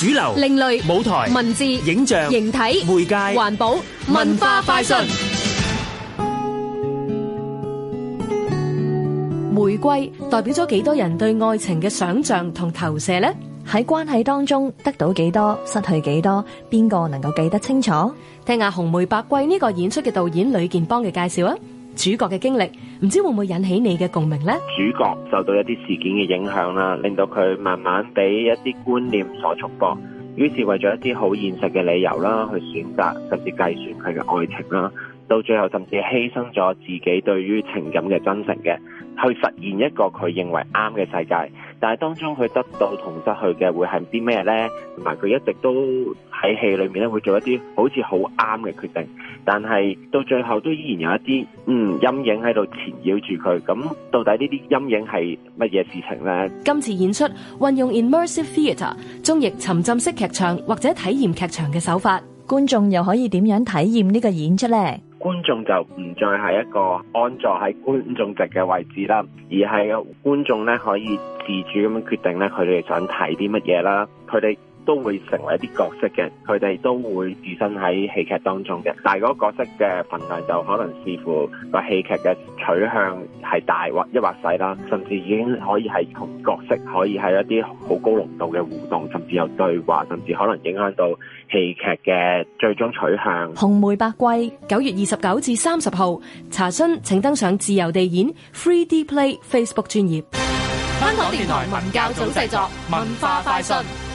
主流、另類舞台、文字、影像、形體、媒介、環保、文化快訊。玫瑰代表咗幾多人對愛情嘅想象同投射呢？喺關係當中得到幾多，失去幾多？邊個能夠記得清楚？聽下《紅梅白桂》呢個演出嘅導演呂健邦嘅介紹啊！主角嘅經歷，唔知會唔會引起你嘅共鳴呢？主角受到一啲事件嘅影響啦，令到佢慢慢俾一啲觀念所束縛，於是為咗一啲好現實嘅理由啦，去選擇甚至計算佢嘅愛情啦，到最後甚至犧牲咗自己對於情感嘅真誠嘅，去實現一個佢認為啱嘅世界。但係當中佢得到同失去嘅會係啲咩呢？同埋佢一直都喺戲裏面咧，會做一啲好似好啱嘅決定，但係到最後都依然有一啲嗯陰影喺度纏繞住佢。咁到底呢啲陰影係乜嘢事情呢？今次演出運用 Immersive Theatre 中譯沉浸式劇場或者體驗劇場嘅手法，觀眾又可以點樣體驗呢個演出呢？觀眾就唔再係一個安坐喺觀眾席嘅位置啦，而係觀眾呢可以自主噉樣決定呢，佢哋想睇啲乜嘢啦，佢哋。都會成為一啲角色嘅，佢哋都會置身喺戲劇當中嘅，但係嗰角色嘅份量就可能視乎個戲劇嘅取向係大或抑或細啦，甚至已經可以係同角色可以係一啲好高濃度嘅互動，甚至有對話，甚至可能影響到戲劇嘅最終取向。紅梅百季九月二十九至三十號，查詢，請登上自由地演 Free D Play Facebook 專頁。香港電台文教組製作文化快訊。